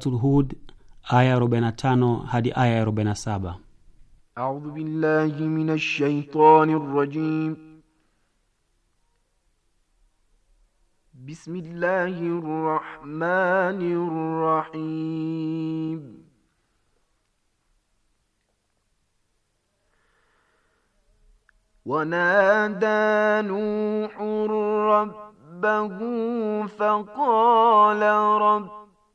suratul hud aya 45 hadi aya 47 أعوذ بالله من الشيطان الرجيم بسم الله الرحمن الرحيم ونادى نوح ربه فقال رب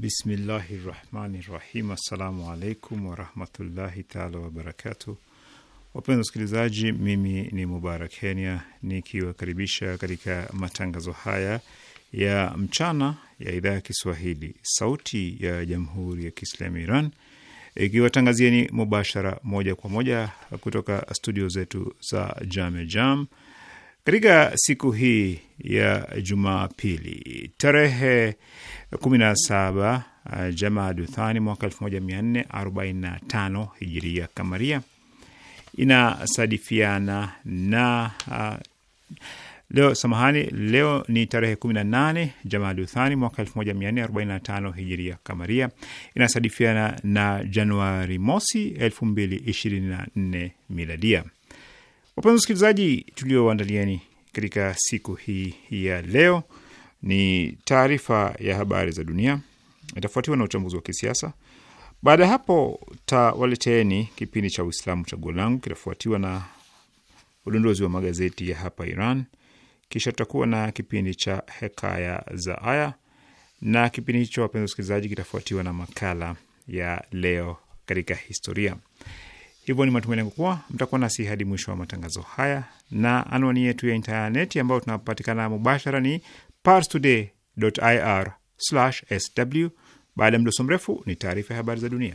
Bismillahi rahmani rahim. Assalamu alaikum warahmatullahi taala wabarakatu. Wapenzi wasikilizaji, mimi ni Mubarak Kenya nikiwakaribisha katika matangazo haya ya mchana ya idhaa ya Kiswahili sauti ya jamhuri ya Kiislamu Iran ikiwatangazieni mubashara moja kwa moja kutoka studio zetu za Jame Jam katika siku hii ya Jumapili tarehe 17 eh, Jamaaduthani mwaka 1445 hijiria kamaria inasadifiana na uh, leo samahani, leo ni tarehe 18 Jamaaduthani mwaka 1445 hijiria kamaria inasadifiana na Januari mosi 2024 miladia. Wapenzi wasikilizaji, tulioandalieni katika siku hii ya leo ni taarifa ya habari za dunia, itafuatiwa na uchambuzi wa kisiasa. Baada ya hapo, tawaleteeni kipindi cha Uislamu Chaguo Langu, kitafuatiwa na udondozi wa magazeti ya hapa Iran, kisha tutakuwa na kipindi cha Hekaya za Aya na kipindi hicho, wapenzi wasikilizaji, kitafuatiwa na makala ya Leo katika Historia. Hivyo ni matumaini yangu kuwa mtakuwa nasi hadi mwisho wa matangazo haya, na anwani yetu ya intaneti ambayo tunapatikana mubashara ni parstoday.ir/sw. Baada ya mdoso mrefu ni taarifa ya habari za dunia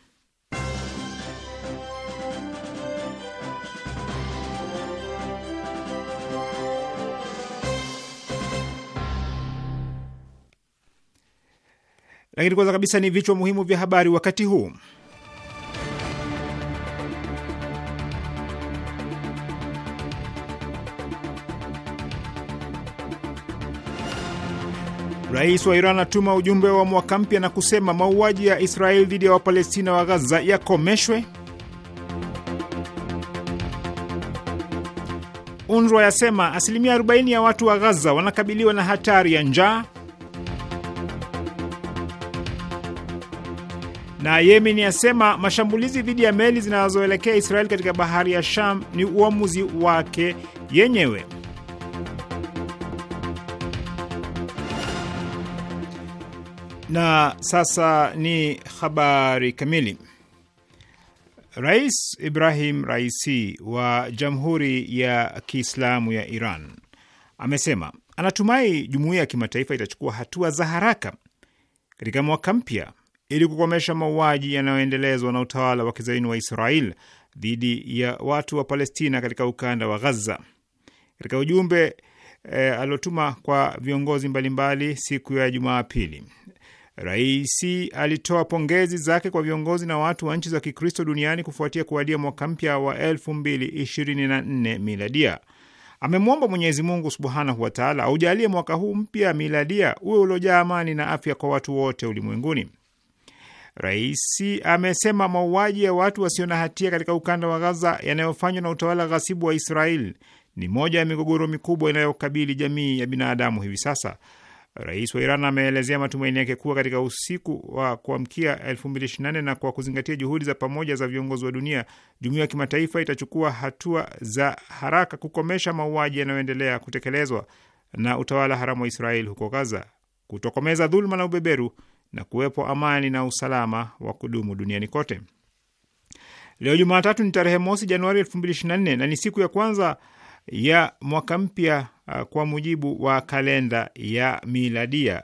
Lakini kwanza kabisa ni vichwa muhimu vya habari wakati huu. Rais wa Iran atuma ujumbe wa mwaka mpya na kusema mauaji ya Israeli dhidi ya Wapalestina wa Gaza yakomeshwe. UNRWA yasema asilimia 40 ya watu wa Gaza wanakabiliwa na hatari ya njaa. Na Yemen yasema mashambulizi dhidi ya meli zinazoelekea Israel katika bahari ya Sham ni uamuzi wake yenyewe. Na sasa ni habari kamili. Rais Ibrahim Raisi wa Jamhuri ya Kiislamu ya Iran amesema anatumai jumuiya ya kimataifa itachukua hatua za haraka katika mwaka mpya ili kukomesha mauaji yanayoendelezwa na utawala wa kizaini wa Israel dhidi ya watu wa Palestina katika ukanda wa Gaza. Katika ujumbe e, aliotuma kwa viongozi mbalimbali mbali siku ya Jumapili, Raisi alitoa pongezi zake kwa viongozi na watu wa nchi za Kikristo duniani kufuatia kuadia mwaka mpya wa 2024 miladia. Amemwomba Mwenyezi Mungu subhanahu wataala aujalie mwaka huu mpya miladia uwe uliojaa amani na afya kwa watu wote ulimwenguni. Rais amesema mauaji ya watu wasio na hatia katika ukanda wa Gaza yanayofanywa na utawala ghasibu wa Israel ni moja ya migogoro mikubwa inayokabili jamii ya binadamu hivi sasa. Rais wa Iran ameelezea matumaini yake kuwa katika usiku wa kuamkia 2024 na kwa kuzingatia juhudi za pamoja za viongozi wa dunia, jumuiya ya kimataifa itachukua hatua za haraka kukomesha mauaji yanayoendelea kutekelezwa na utawala haramu wa Israel huko Gaza, kutokomeza dhuluma na ubeberu na kuwepo amani na usalama wa kudumu duniani kote. Leo Jumatatu ni tarehe mosi Januari 2024 na ni siku ya kwanza ya mwaka mpya uh, kwa mujibu wa kalenda ya miladia.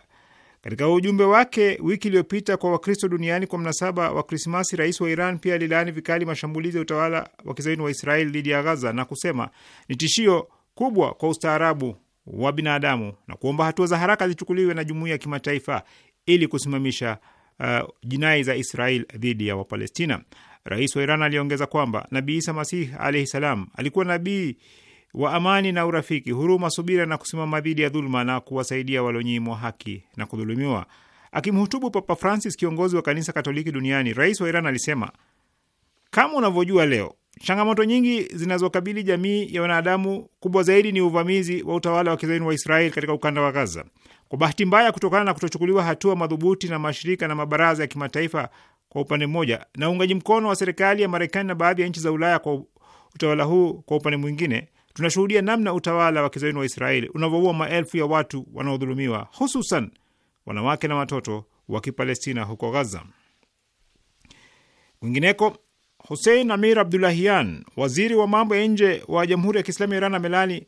Katika ujumbe wake wiki iliyopita kwa Wakristo duniani kwa mnasaba wa Krismasi, rais wa Iran pia alilaani vikali mashambulizi ya utawala wa kizayuni wa Israeli dhidi ya Gaza na kusema ni tishio kubwa kwa ustaarabu wa binadamu na kuomba hatua za haraka zichukuliwe na jumuiya ya kimataifa ili kusimamisha uh, jinai za Israel dhidi ya Wapalestina. Rais wa Iran aliongeza kwamba Nabii Isa Masih alaihi salam alikuwa nabii wa amani na urafiki, huruma, subira na kusimama dhidi ya dhuluma na kuwasaidia walionyimwa haki na kudhulumiwa. Akimhutubu Papa Francis, kiongozi wa kanisa Katoliki duniani, rais wa Iran alisema, kama unavyojua leo Changamoto nyingi zinazokabili jamii ya wanadamu kubwa zaidi ni uvamizi wa utawala wa kizayuni wa Israeli katika ukanda wa Gaza. Kwa bahati mbaya, kutokana na kutochukuliwa hatua madhubuti na mashirika na mabaraza ya kimataifa kwa upande mmoja, na uungaji mkono wa serikali ya Marekani na baadhi ya nchi za Ulaya kwa utawala huu kwa upande mwingine, tunashuhudia namna utawala wa kizayuni wa Israeli unavyoua maelfu ya watu wanaodhulumiwa, hususan wanawake na watoto wa Kipalestina huko Gaza. Kwingineko, Hussein Amir Abdulahian, waziri wa mambo ya nje wa Jamhuri ya Kiislamu ya Iran, amelani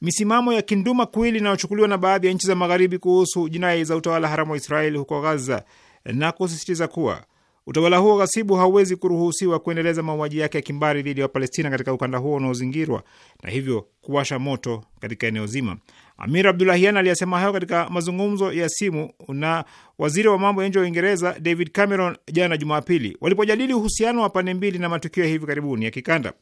misimamo ya kinduma kuili inayochukuliwa na baadhi ya nchi za Magharibi kuhusu jinai za utawala haramu wa Israeli huko Gaza na kusisitiza kuwa utawala huo ghasibu hauwezi kuruhusiwa kuendeleza mauaji yake ya kimbari dhidi ya Wapalestina katika ukanda huo unaozingirwa na hivyo kuwasha moto katika eneo zima. Amir Abdulahian aliyasema hayo katika mazungumzo ya simu na waziri wa mambo ya nje wa Uingereza David Cameron jana Jumapili, walipojadili uhusiano wa pande mbili na matukio ya hivi karibuni ya kikanda.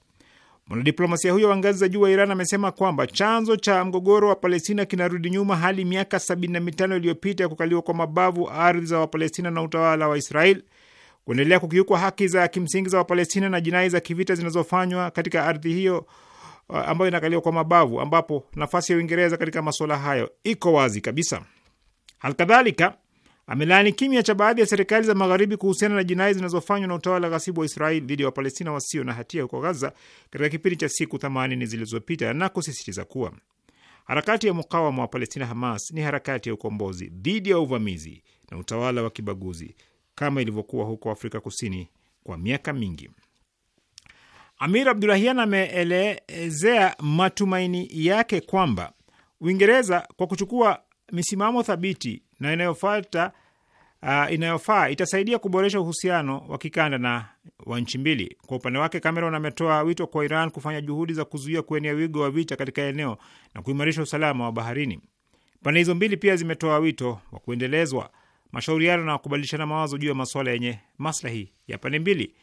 Mwanadiplomasia huyo wa ngazi za juu wa Iran amesema kwamba chanzo cha mgogoro wa Palestina kinarudi nyuma hadi miaka 75 iliyopita ya kukaliwa kwa mabavu ardhi za Wapalestina na utawala wa Israel, kuendelea kukiukwa haki za kimsingi za Wapalestina na jinai za kivita zinazofanywa katika ardhi hiyo Uh, ambayo inakaliwa kwa mabavu, ambapo nafasi ya Uingereza katika masuala hayo iko wazi kabisa. Halkadhalika amelaani kimya cha baadhi ya serikali za magharibi kuhusiana na jinai zinazofanywa na utawala ghasibu wa Israeli dhidi ya Wapalestina wasio na hatia huko Gaza katika kipindi cha siku 80 zilizopita na kusisitiza kuwa harakati ya mukawama wa Palestina, Hamas, ni harakati ya ukombozi dhidi ya uvamizi na utawala wa kibaguzi kama ilivyokuwa huko Afrika Kusini kwa miaka mingi. Amir Abdulahian ameelezea matumaini yake kwamba Uingereza kwa kuchukua misimamo thabiti na inayofuata uh, inayofaa itasaidia kuboresha uhusiano wa kikanda na wa nchi mbili. Kwa upande wake, Cameron ametoa wito kwa Iran kufanya juhudi za kuzuia kuenea wigo wa vita katika eneo na kuimarisha usalama wa baharini. Pande hizo mbili pia zimetoa wito wa kuendelezwa mashauriano na kubadilishana mawazo juu ya masuala yenye maslahi ya pande mbili.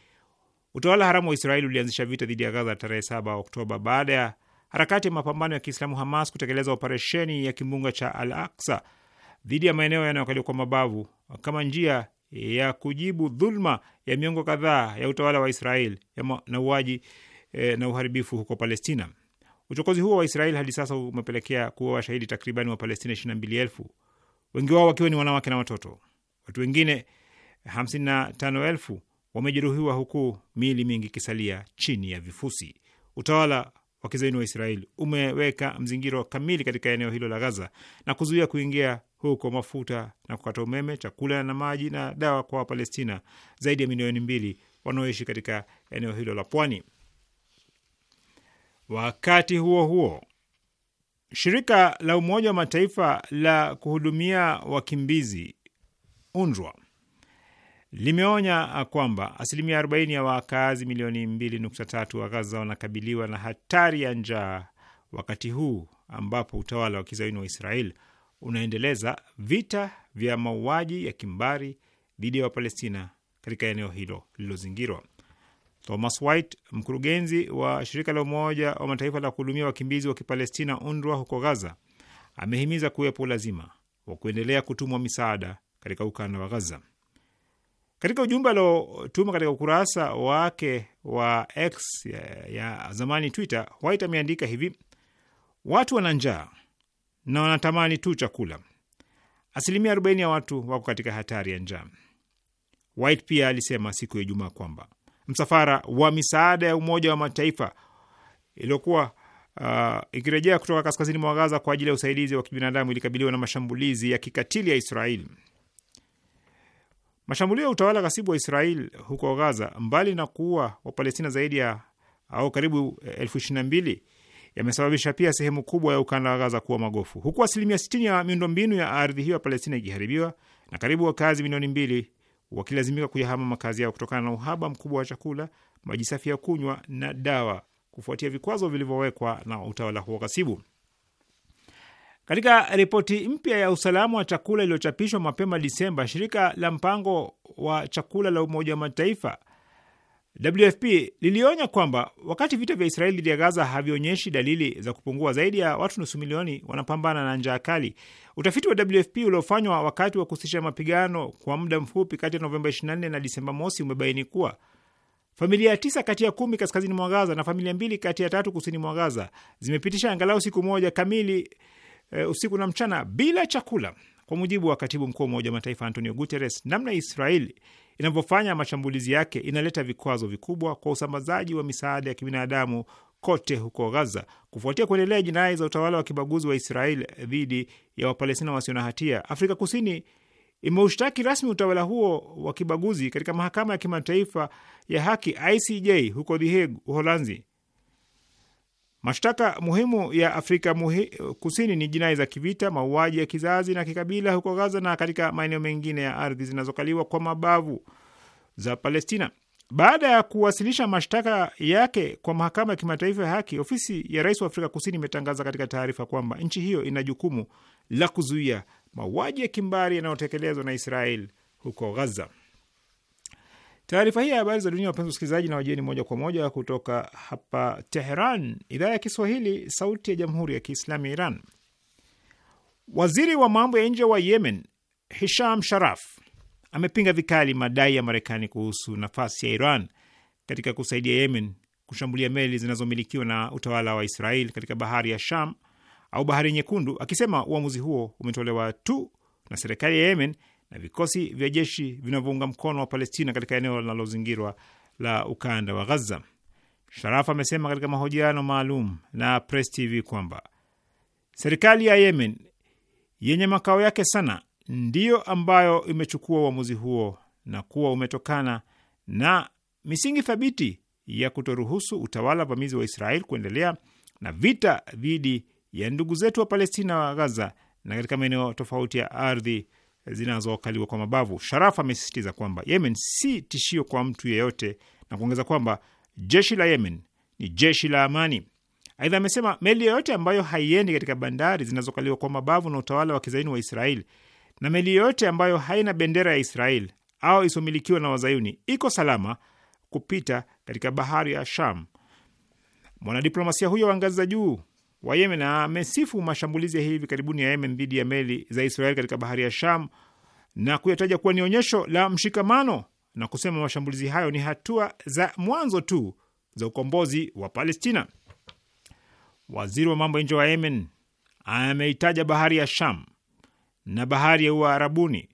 Utawala haramu wa Israeli ulianzisha vita dhidi ya Gaza tarehe 7 Oktoba baada ya harakati ya mapambano ya Kiislamu Hamas kutekeleza operesheni ya kimbunga cha Al Aksa dhidi ya maeneo yanayokaliwa kwa mabavu kama njia ya kujibu dhulma ya miongo kadhaa ya utawala wa Israel na uaji e, eh, na uharibifu huko Palestina. Uchokozi huo wa Israel hadi sasa umepelekea kuwa washahidi takriban wa Palestina 22,000 wengi wao wakiwa ni wanawake na watoto. Watu wengine 55,000 wamejeruhiwa huku miili mingi ikisalia chini ya vifusi. Utawala wa kizaini wa Israeli umeweka mzingiro kamili katika eneo hilo la Gaza na kuzuia kuingia huko mafuta na kukata umeme, chakula na maji na dawa kwa Wapalestina zaidi ya milioni mbili wanaoishi katika eneo hilo la pwani. Wakati huo huo, shirika la Umoja wa Mataifa la kuhudumia wakimbizi UNRWA limeonya kwamba asilimia 40 ya wakazi milioni 2.3 wa Gaza wanakabiliwa na hatari ya njaa wakati huu ambapo utawala wa kizayuni wa Israel unaendeleza vita vya mauaji ya kimbari dhidi ya Wapalestina katika eneo hilo lililozingirwa. Thomas White, mkurugenzi wa shirika la Umoja wa Mataifa la kuhudumia wakimbizi wa Kipalestina, UNRWA, huko Gaza, amehimiza kuwepo lazima wa kuendelea kutumwa misaada katika ukanda wa Gaza. Katika ujumbe aliotuma katika ukurasa wake wa X ya, eh, ya zamani Twitter, White ameandika hivi: watu wana njaa na wanatamani tu chakula. Asilimia 40 ya watu wako katika hatari ya njaa. White pia alisema siku ya Ijumaa kwamba msafara wa misaada ya Umoja wa Mataifa iliyokuwa uh, ikirejea kutoka kaskazini mwa Gaza kwa ajili ya usaidizi wa kibinadamu ilikabiliwa na mashambulizi ya kikatili ya Israeli. Mashambulio ya utawala ghasibu wa Israel huko Gaza, mbali na kuua Wapalestina zaidi ya au karibu eh, elfu ishirini na mbili yamesababisha pia sehemu kubwa ya ukanda wa Gaza kuwa magofu, huku asilimia 60 ya miundombinu ya ardhi hiyo ya Palestina ikiharibiwa na karibu wakazi milioni mbili wakilazimika kuyahama makazi yao kutokana na uhaba mkubwa wa chakula, maji safi ya kunywa na dawa, kufuatia vikwazo vilivyowekwa na utawala huo ghasibu. Katika ripoti mpya ya usalama wa chakula iliyochapishwa mapema Disemba, shirika la mpango wa chakula la Umoja wa Mataifa WFP lilionya kwamba wakati vita vya Israeli dhidi ya Gaza havionyeshi dalili za kupungua, zaidi ya watu nusu milioni wanapambana na njaa kali. Utafiti wa WFP uliofanywa wakati wa kusitisha mapigano kwa muda mfupi kati ya Novemba 24 na Disemba mosi umebaini kuwa familia tisa kati ya kumi kaskazini mwa Gaza na familia mbili kati ya tatu kusini mwa Gaza zimepitisha angalau siku moja kamili e, usiku na mchana bila chakula. Kwa mujibu wa katibu mkuu wa Umoja wa Mataifa Antonio Guterres, namna israel inavyofanya mashambulizi yake inaleta vikwazo vikubwa kwa usambazaji wa misaada ya kibinadamu kote huko Gaza kufuatia kuendelea jinai za utawala wa kibaguzi wa Israel dhidi ya Wapalestina wasio na hatia. Afrika Kusini imeushtaki rasmi utawala huo wa kibaguzi katika mahakama ya kimataifa ya haki ICJ huko The Hague, Uholanzi. Mashtaka muhimu ya Afrika muhi, Kusini ni jinai za kivita, mauaji ya kizazi na kikabila huko Gaza na katika maeneo mengine ya ardhi zinazokaliwa kwa mabavu za Palestina. Baada ya kuwasilisha mashtaka yake kwa mahakama ya kimataifa ya haki, ofisi ya rais wa Afrika Kusini imetangaza katika taarifa kwamba nchi hiyo ina jukumu la kuzuia mauaji ya kimbari yanayotekelezwa na Israel huko Gaza. Taarifa hii ya habari za dunia, wapenzi wasikilizaji, na wageni moja kwa moja kutoka hapa Teheran, idhaa ya Kiswahili, sauti ya jamhuri ya kiislamu ya Iran. Waziri wa mambo ya nje wa Yemen Hisham Sharaf amepinga vikali madai ya Marekani kuhusu nafasi ya Iran katika kusaidia Yemen kushambulia meli zinazomilikiwa na utawala wa Israel katika bahari ya Sham au bahari Nyekundu, akisema uamuzi huo umetolewa tu na serikali ya Yemen na vikosi vya jeshi vinavyounga mkono wa Palestina katika eneo linalozingirwa la ukanda wa Gaza. Sharaf amesema katika mahojiano maalum na Press TV kwamba serikali ya Yemen yenye makao yake Sana ndiyo ambayo imechukua uamuzi huo na kuwa umetokana na misingi thabiti ya kutoruhusu utawala vamizi wa Israel kuendelea na vita dhidi ya ndugu zetu wa Palestina wa Gaza na katika maeneo tofauti ya ardhi zinazokaliwa kwa mabavu. Sharaf amesisitiza kwamba Yemen si tishio kwa mtu yeyote na kuongeza kwamba jeshi la Yemen ni jeshi la amani. Aidha amesema meli yoyote ambayo haiendi katika bandari zinazokaliwa kwa mabavu na utawala wa kizaini wa Israeli na meli yoyote ambayo haina bendera ya Israeli au isiomilikiwa na wazayuni iko salama kupita katika bahari ya Sham. Mwanadiplomasia huyo wa ngazi za juu wa Yemen amesifu mashambulizi ya hivi karibuni ya Yemen dhidi ya meli za Israel katika bahari ya Sham na kuyataja kuwa ni onyesho la mshikamano na kusema mashambulizi hayo ni hatua za mwanzo tu za ukombozi wa Palestina. Waziri wa mambo ya nje wa Yemen ameitaja bahari ya Sham na bahari ya Uarabuni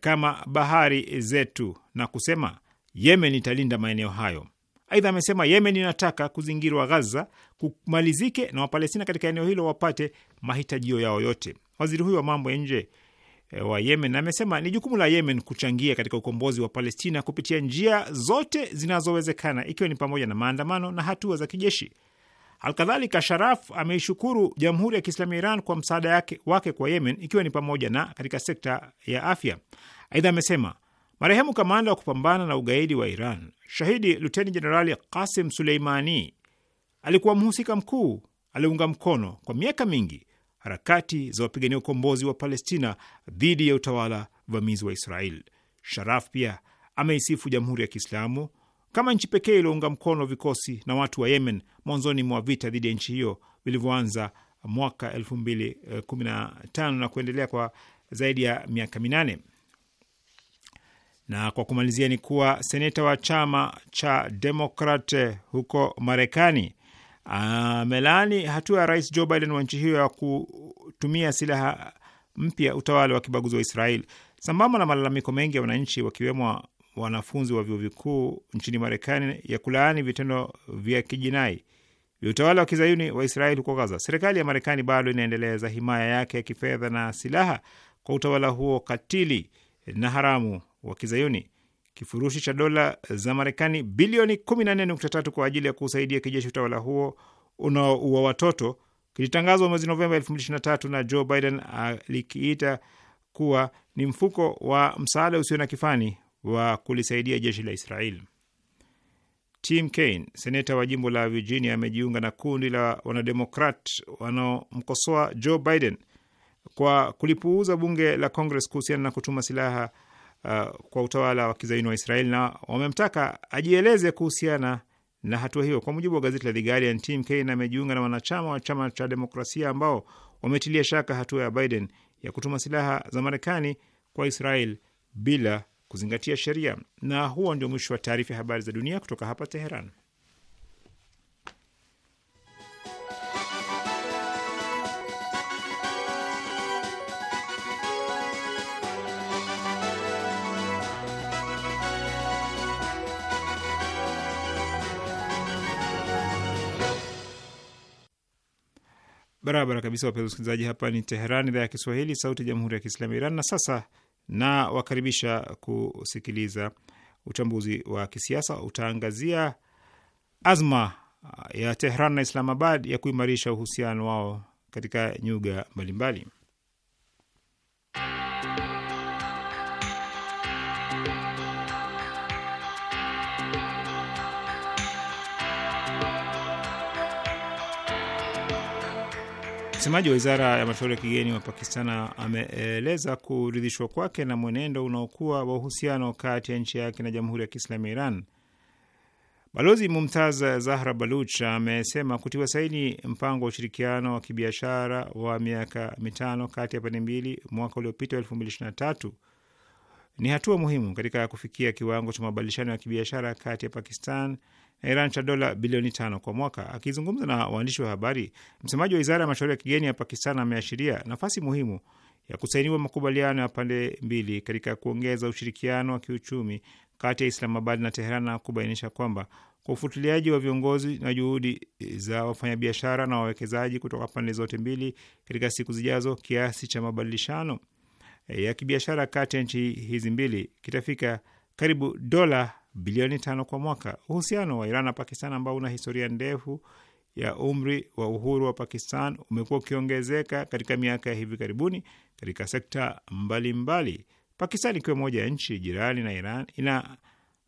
kama bahari zetu na kusema Yemen italinda maeneo hayo. Aidha amesema Yemen inataka kuzingirwa Gaza kumalizike na Wapalestina katika eneo hilo wapate mahitajio yao yote. Waziri huyo wa mambo ya nje eh, wa Yemen amesema ni jukumu la Yemen kuchangia katika ukombozi wa Palestina kupitia njia zote zinazowezekana, ikiwa ni pamoja na maandamano na hatua za kijeshi. Alkadhalika, Sharaf ameishukuru Jamhuri ya Kiislamu ya Iran kwa msaada yake wake kwa Yemen, ikiwa ni pamoja na katika sekta ya afya. Aidha amesema marehemu kamanda wa kupambana na ugaidi wa Iran, shahidi luteni jenerali Qasim Suleimani alikuwa mhusika mkuu. Aliunga mkono kwa miaka mingi harakati za wapigania ukombozi wa Palestina dhidi ya utawala vamizi wa Israel. Sharaf pia ameisifu Jamhuri ya Kiislamu kama nchi pekee iliyounga mkono vikosi na watu wa Yemen mwanzoni mwa vita dhidi ya nchi hiyo vilivyoanza mwaka elfu eh, na na kuendelea kwa zaidi ya miaka minane. Na kwa kumalizia ni kuwa seneta wa chama cha Demokrat eh, huko Marekani amelaani ah, hatua ya rais Joe Biden wa nchi hiyo ya kutumia silaha mpya utawala wa kibaguzi wa Israel sambamba na malalamiko mengi ya wananchi wakiwemo wanafunzi wa vyuo vikuu nchini Marekani ya kulaani vitendo vya kijinai vya utawala wa kizayuni wa Israeli huko Gaza. Serikali ya Marekani bado inaendeleza himaya yake ya kifedha na silaha kwa utawala huo katili na haramu wa kizayuni kifurushi cha dola za Marekani bilioni 14.3 kwa ajili ya kusaidia kijeshi utawala huo unaoua watoto kilitangazwa mwezi Novemba 2023 na Joe Biden alikiita kuwa ni mfuko wa msaada usio na kifani wa kulisaidia jeshi la Israel. Tim Kaine, seneta wa jimbo la Virginia, amejiunga na kundi la wanademokrat wanaomkosoa Joe Biden kwa kulipuuza bunge la Congress kuhusiana na kutuma silaha uh, kwa utawala wa kizaini wa Israeli na wamemtaka ajieleze kuhusiana na hatua hiyo. Kwa mujibu wa gazeti la The Guardian, Tim Kaine amejiunga na wanachama wa chama cha demokrasia ambao wametilia shaka hatua ya Biden ya kutuma silaha za Marekani kwa Israel bila kuzingatia sheria. Na huo ndio mwisho wa taarifa ya habari za dunia kutoka hapa Teheran. barabara kabisa, wapenzi wasikilizaji, hapa ni Teheran, idhaa ya Kiswahili, sauti ya jamhuri ya kiislamu ya Iran. Na sasa na wakaribisha kusikiliza uchambuzi wa kisiasa utaangazia azma ya Tehran na Islamabad ya kuimarisha uhusiano wao katika nyuga mbalimbali mbali. Msemaji wa wizara ya mashauri ya kigeni wa Pakistan ameeleza kuridhishwa kwake na mwenendo unaokuwa wa uhusiano kati ya nchi yake na jamhuri ya kiislamu ya Iran. Balozi Mumtaz Zahra Baluch amesema kutiwa saini mpango wa ushirikiano wa kibiashara wa miaka mitano kati ya pande mbili mwaka uliopita wa elfu mbili ishirini na tatu ni hatua muhimu katika kufikia kiwango cha mabadilishano ya kibiashara kati ya Pakistan na Iran cha dola bilioni tano kwa mwaka. Akizungumza na waandishi wa habari, msemaji wa wizara ya mashauri ya kigeni ya Pakistan ameashiria nafasi muhimu ya kusainiwa makubaliano ya pande mbili katika kuongeza ushirikiano wa kiuchumi kati ya Islamabad na Teheran na kubainisha kwamba kwa ufuatiliaji wa viongozi na juhudi za wafanyabiashara na wawekezaji kutoka pande zote mbili katika siku zijazo, kiasi cha mabadilishano ya kibiashara kati ya nchi hizi mbili kitafika karibu dola bilioni tano kwa mwaka. Uhusiano wa Iran na Pakistan ambao una historia ndefu ya umri wa uhuru wa Pakistan umekuwa ukiongezeka katika miaka ya hivi karibuni katika sekta mbalimbali mbali. Pakistan ikiwa moja ya nchi jirani na Iran ina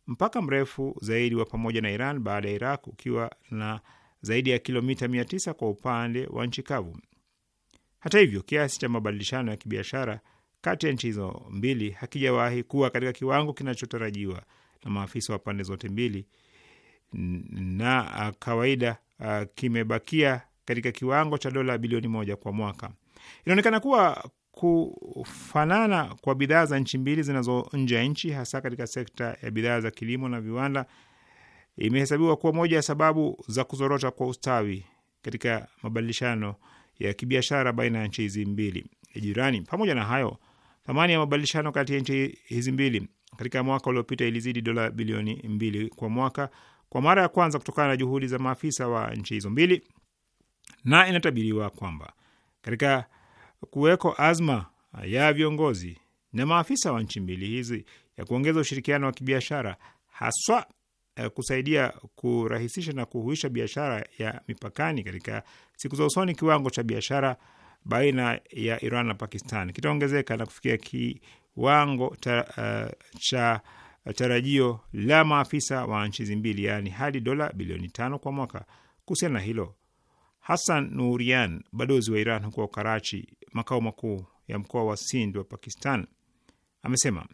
mpaka mrefu zaidi wa pamoja na Iran baada ya Iraq ukiwa na zaidi ya kilomita tisa kwa upande wa nchi kavu. Hata hivyo, kiasi cha mabadilishano ya kibiashara kati ya nchi hizo mbili hakijawahi kuwa katika kiwango kinachotarajiwa na maafisa wa pande zote mbili, na kawaida kimebakia katika kiwango cha dola bilioni moja kwa mwaka. Inaonekana kuwa kufanana kwa bidhaa za nchi mbili zinazo nje ya nchi, hasa katika sekta ya bidhaa za kilimo na viwanda, imehesabiwa kuwa moja ya sababu za kuzorota kwa ustawi katika mabadilishano ya kibiashara baina ya nchi hizi mbili jirani. Pamoja na hayo, Thamani ya mabadilishano kati ya nchi hizi mbili katika mwaka uliopita ilizidi dola bilioni mbili kwa mwaka kwa mara ya kwanza kutokana na juhudi za maafisa wa nchi hizo mbili, na inatabiriwa kwamba katika kuweko azma ya viongozi na maafisa wa nchi mbili hizi ya kuongeza ushirikiano wa kibiashara haswa eh, kusaidia kurahisisha na kuhuisha biashara ya mipakani, katika siku za usoni kiwango cha biashara baina ya Iran na Pakistan kitaongezeka na kufikia kiwango ta, uh, cha uh, tarajio la maafisa wa nchi hizi mbili, yaani hadi dola bilioni tano kwa mwaka. Kuhusiana na hilo, Hassan Nurian, balozi wa Iran huko Karachi, makao makuu ya mkoa wa Sind wa Pakistan, amesema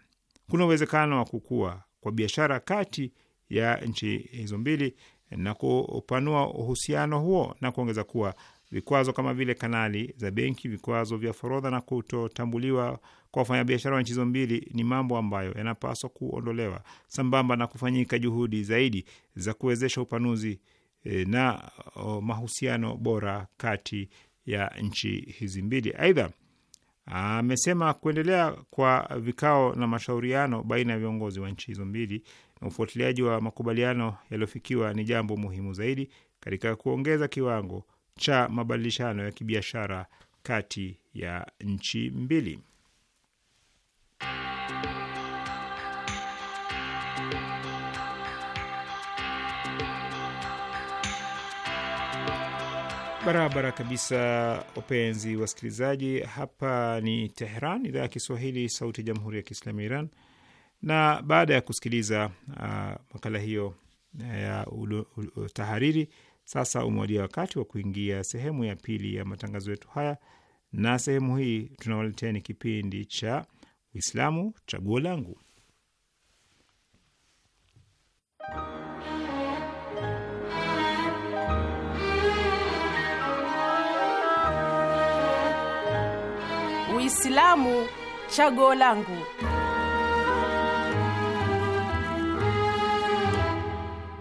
kuna uwezekano wa kukua kwa biashara kati ya nchi hizo mbili na kupanua uhusiano huo na kuongeza kuwa Vikwazo kama vile kanali za benki, vikwazo vya forodha na kutotambuliwa kwa wafanyabiashara wa nchi hizo mbili ni mambo ambayo yanapaswa kuondolewa, sambamba na kufanyika juhudi zaidi za kuwezesha upanuzi eh, na mahusiano bora kati ya nchi hizi mbili. Aidha, amesema kuendelea kwa vikao na mashauriano baina ya viongozi wa nchi hizo mbili na ufuatiliaji wa makubaliano yaliyofikiwa ni jambo muhimu zaidi katika kuongeza kiwango cha mabadilishano ya kibiashara kati ya nchi mbili. Barabara kabisa, wapenzi wasikilizaji, hapa ni Tehran, idhaa ya Kiswahili, sauti ya jamhuri ya kiislamu ya Iran. Na baada ya kusikiliza uh, makala hiyo uh, ya uh, tahariri sasa umewadia wakati wa kuingia sehemu ya pili ya matangazo yetu haya, na sehemu hii tunawaleteni kipindi cha Uislamu Chaguo Langu. Uislamu Chaguo Langu.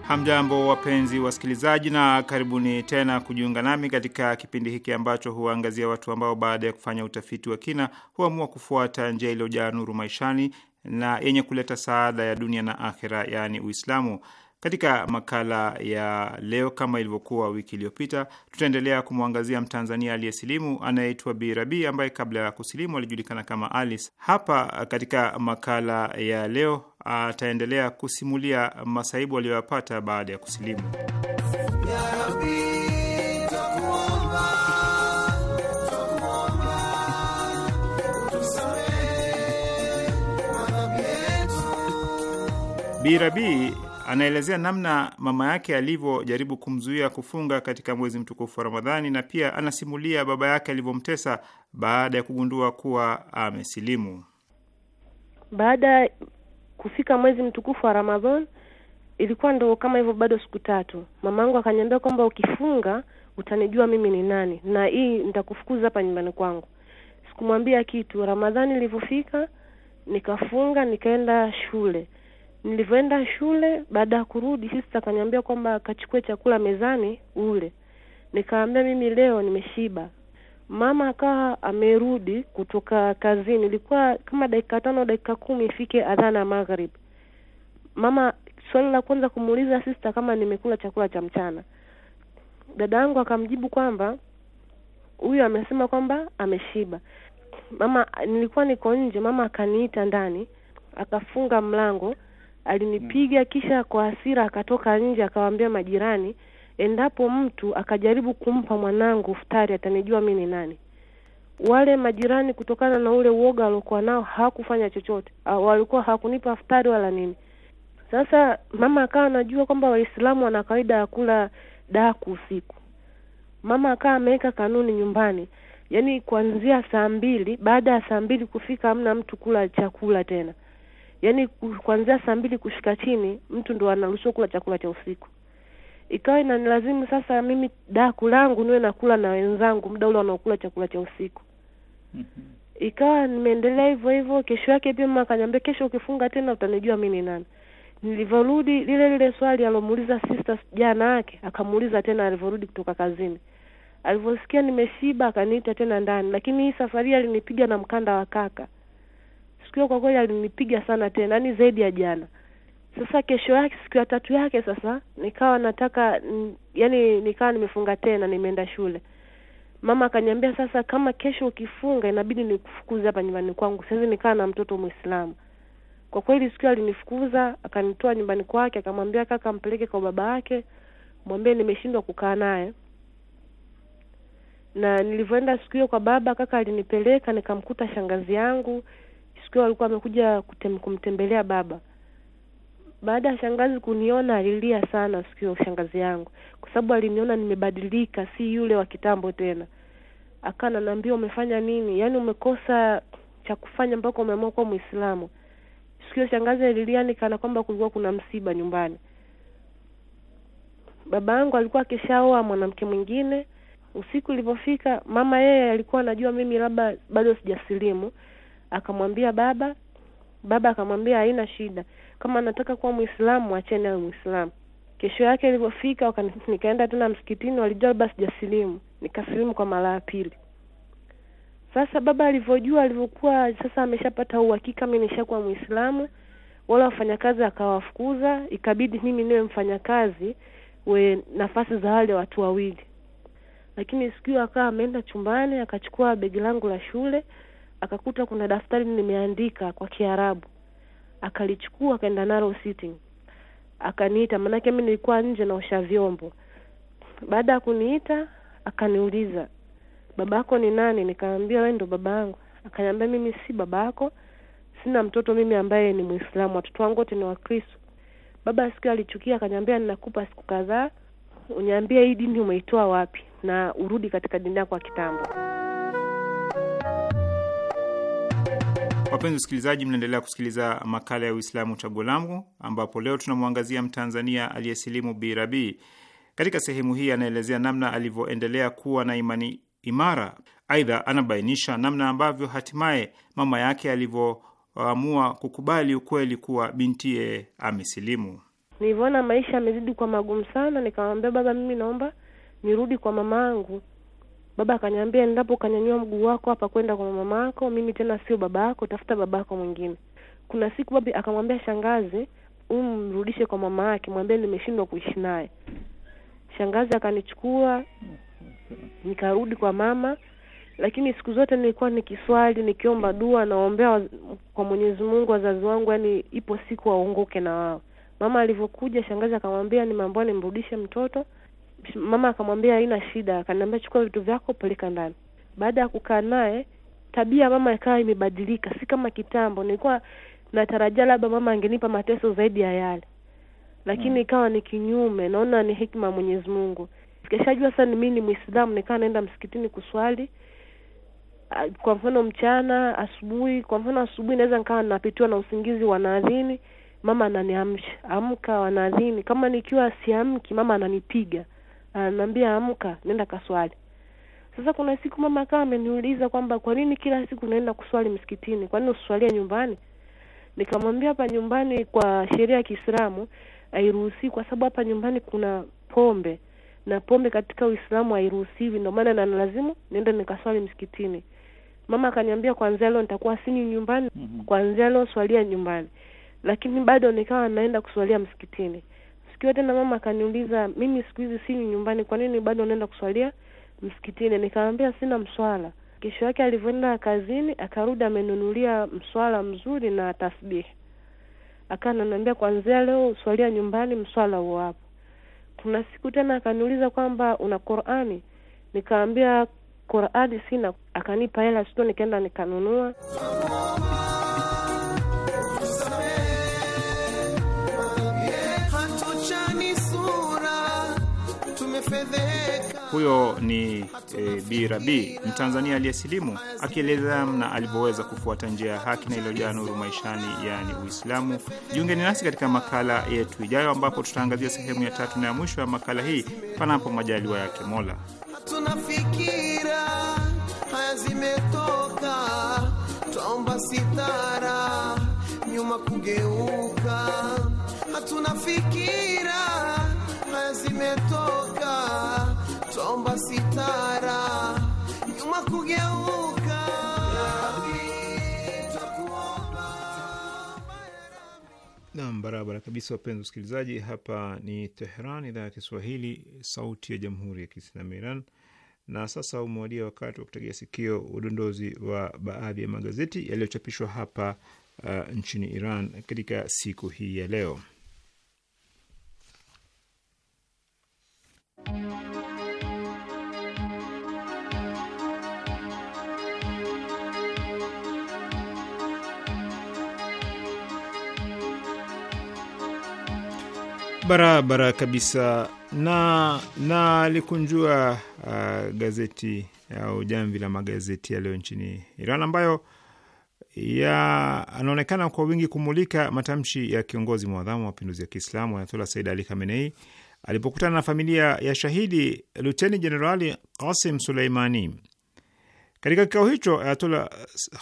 Hamjambo, wapenzi wasikilizaji, na karibuni tena kujiunga nami katika kipindi hiki ambacho huwaangazia watu ambao baada ya kufanya utafiti wa kina huamua kufuata njia iliyojaa nuru maishani na yenye kuleta saada ya dunia na akhera, yaani Uislamu. Katika makala ya leo, kama ilivyokuwa wiki iliyopita, tutaendelea kumwangazia Mtanzania aliyesilimu anayeitwa Bi Rabii ambaye kabla ya kusilimu alijulikana kama Alice. Hapa katika makala ya leo ataendelea kusimulia masaibu aliyoyapata baada ya kusilimu. Bi Rabii anaelezea namna mama yake alivyojaribu kumzuia kufunga katika mwezi mtukufu wa Ramadhani, na pia anasimulia baba yake alivyomtesa baada ya kugundua kuwa amesilimu. Baada ya kufika mwezi mtukufu wa ramadhan ilikuwa ndo kama hivyo, bado siku tatu, mamangu akaniambia kwamba ukifunga utanijua mimi ni nani, na hii nitakufukuza hapa nyumbani kwangu. Sikumwambia kitu. Ramadhani ilivyofika, nikafunga nikaenda shule Nilivyoenda shule, baada ya kurudi, sista akaniambia kwamba kachukue chakula mezani ule. Nikaambia mimi leo nimeshiba. Mama akawa amerudi kutoka kazini, ilikuwa kama dakika tano dakika kumi ifike adhana ya magharibi. Mama swali la kwanza kumuuliza sista kama nimekula chakula cha mchana. Dada yangu akamjibu kwamba huyu amesema kwamba ameshiba. Mama, nilikuwa niko nje, mama akaniita ndani, akafunga mlango alinipiga mm. kisha kwa hasira akatoka nje akawaambia majirani, endapo mtu akajaribu kumpa mwanangu futari atanijua mi ni nani. Wale majirani kutokana na ule uoga waliokuwa nao hawakufanya chochote, walikuwa hawakunipa futari wala nini. Sasa mama akawa anajua kwamba Waislamu wana kawaida ya kula daku usiku. Mama akawa ameweka kanuni nyumbani, yaani kuanzia saa mbili, baada ya saa mbili kufika hamna mtu kula chakula tena yaani kuanzia saa mbili kushika chini mtu ndo anaruhusiwa kula chakula cha usiku ikawa inanilazimu sasa mimi daku langu niwe nakula na wenzangu muda ule wanaokula chakula cha usiku mm-hmm. ikawa nimeendelea hivyo hivyo kesho yake pia mama akaniambia kesho ukifunga tena utanijua mi ni nani nilivyorudi lile lile swali alomuuliza sister jana yake akamuuliza tena alivyorudi kutoka kazini alivyosikia nimeshiba akaniita tena ndani lakini hii safari alinipiga na mkanda wa kaka sikio kwa kweli alinipiga sana tena, yani zaidi ya jana. Sasa kesho yake, siku ya tatu yake, sasa nikawa nataka n, yani nikawa nimefunga tena, nimeenda shule. Mama akaniambia sasa, kama kesho ukifunga inabidi nikufukuze hapa nyumbani kwangu. Sasa nikaa na mtoto Muislamu. Kwa kweli siku alinifukuza, akanitoa nyumbani kwake, akamwambia kaka, mpeleke kwa baba yake, mwambie nimeshindwa kukaa naye na nilivyoenda siku hiyo kwa baba, kaka alinipeleka nikamkuta shangazi yangu wakiwa alikuwa amekuja kutem, kumtembelea baba. Baada ya shangazi kuniona alilia sana siku hiyo shangazi yangu, kwa sababu aliniona nimebadilika, si yule wa kitambo tena. Akana naambia umefanya nini? Yaani umekosa cha kufanya mpaka umeamua kuwa Muislamu. Siku hiyo shangazi alilia nikana kwamba kulikuwa kuna msiba nyumbani. Baba yangu alikuwa akishaoa mwanamke mwingine. Usiku ulipofika, mama yeye alikuwa anajua mimi labda bado sijasilimu, akamwambia baba baba akamwambia haina shida kama anataka kuwa mwislamu acheni awe mwislamu kesho yake ilivyofika nikaenda tena msikitini walijua labda sijasilimu nikasilimu kwa mara ya pili sasa baba alivyojua alivyokuwa sasa ameshapata uhakika mi nishakuwa mwislamu wale wafanyakazi akawafukuza ikabidi mimi niwe mfanyakazi we nafasi za wale watu wawili lakini siku hiyo akawa ameenda chumbani akachukua begi langu la shule akakuta kuna daftari nimeandika kwa Kiarabu, akalichukua akaenda nalo sitting, akaniita, maanake mi nilikuwa nje naosha vyombo. Baada ya kuniita akaniuliza, babako ni nani? Nikaambia wewe ndo baba yangu. Akaniambia mimi si babako, sina mtoto mimi ambaye ni Muislamu, watoto wangu wote ni Wakristo. Baba siku alichukia, akaniambia ninakupa siku kadhaa uniambie hii dini umeitoa wapi na urudi katika dini yako ya kitambo. Wapenzi wasikilizaji, mnaendelea kusikiliza makala ya Uislamu Chaguo Langu, ambapo leo tunamwangazia Mtanzania aliyesilimu Birabii. Katika sehemu hii anaelezea namna alivyoendelea kuwa na imani imara. Aidha, anabainisha namna ambavyo hatimaye mama yake alivyoamua kukubali ukweli kuwa bintiye amesilimu. Nilivyoona maisha yamezidi kwa magumu sana, nikamwambia baba, mimi naomba nirudi kwa mama angu Baba akaniambia endapo kanyanyua mguu wako hapa kwenda kwa mama yako, mimi tena sio baba yako, tafuta baba yako mwingine. Kuna siku babi akamwambia shangazi, umrudishe kwa mama yake, mwambie nimeshindwa kuishi naye. Shangazi akanichukua nikarudi kwa mama, lakini siku zote nilikuwa nikiswali, nikiomba dua, naombea kwa Mwenyezi Mungu wazazi wangu, yani ipo siku waongoke na wao. Mama alivyokuja, shangazi akamwambia nimeambiwa nimrudishe mtoto mama akamwambia haina shida, akaniambia chukua vitu vyako peleka ndani. Baada ya kukaa naye, tabia mama ikawa imebadilika, si kama kitambo. Nilikuwa natarajia labda mama angenipa mateso zaidi ya yale, lakini mm. ikawa ni kinyume. Naona ni hikma ya Mwenyezi Mungu. Kishajua sasa mimi ni Muislamu, nikawa naenda msikitini kuswali kwa mfano mchana, asubuhi. Kwa mfano asubuhi naweza nikawa napitiwa na usingizi, wanaadhini, mama ananiamsha, amka, wanaadhini. Kama nikiwa siamki, mama ananipiga ananiambia ah, amka, nenda kaswali. Sasa kuna siku mama akawa ameniuliza kwamba kwa nini kila siku naenda kuswali msikitini, kwa nini usiswalie nyumbani? Nikamwambia hapa nyumbani kwa sheria ya Kiislamu hairuhusi, kwa sababu hapa nyumbani kuna pombe na pombe katika Uislamu hairuhusiwi, ndio maana na lazima niende nikaswali msikitini. Mama akaniambia kwanzia leo nitakuwa sini nyumbani, mhm. kwanzia leo swalia nyumbani, lakini bado nikawa naenda kuswalia msikitini nikiwa tena mama akaniuliza, mimi siku hizi sinywi nyumbani, kwa nini bado unaenda kuswalia msikitini? Nikamwambia sina mswala. Kesho yake alivyoenda kazini, akarudi amenunulia mswala mzuri na tasbihi, akawa ananiambia kwanzia leo swalia nyumbani mswala huo hapo. Kuna siku tena akaniuliza kwamba una Qur'ani, nikaambia Qur'ani sina. Akanipa hela sito, nikaenda nikanunua Huyo ni e, eh, Bi Rabi, Mtanzania aliyesilimu akieleza namna alivyoweza kufuata njia ya haki na iliyojaa nuru maishani, yaani Uislamu. Jiungeni nasi katika makala yetu ijayo, ambapo tutaangazia sehemu ya tatu na ya mwisho ya makala hii, panapo majaliwa yake Mola. hatuna fikira Ngoma zimetoka, tomba sitara, nyuma kugeuka. Nam, barabara kabisa, wapenzi wasikilizaji, hapa ni Tehran, idhaa ya Kiswahili, sauti ya jamhuri ya kiislamu Iran. Na sasa umewadia wakati wa kutegea sikio udondozi wa baadhi ya magazeti yaliyochapishwa hapa uh, nchini Iran katika siku hii ya leo. barabara kabisa na nalikunjua uh, gazeti au jamvi la magazeti ya leo nchini Iran ambayo anaonekana kwa wingi kumulika matamshi ya kiongozi mwadhamu wa mapinduzi ya Kiislamu Ayatollah Said Ali Khamenei alipokutana na familia ya shahidi luteni jenerali Qasim Suleimani. Katika kikao hicho, Ayatola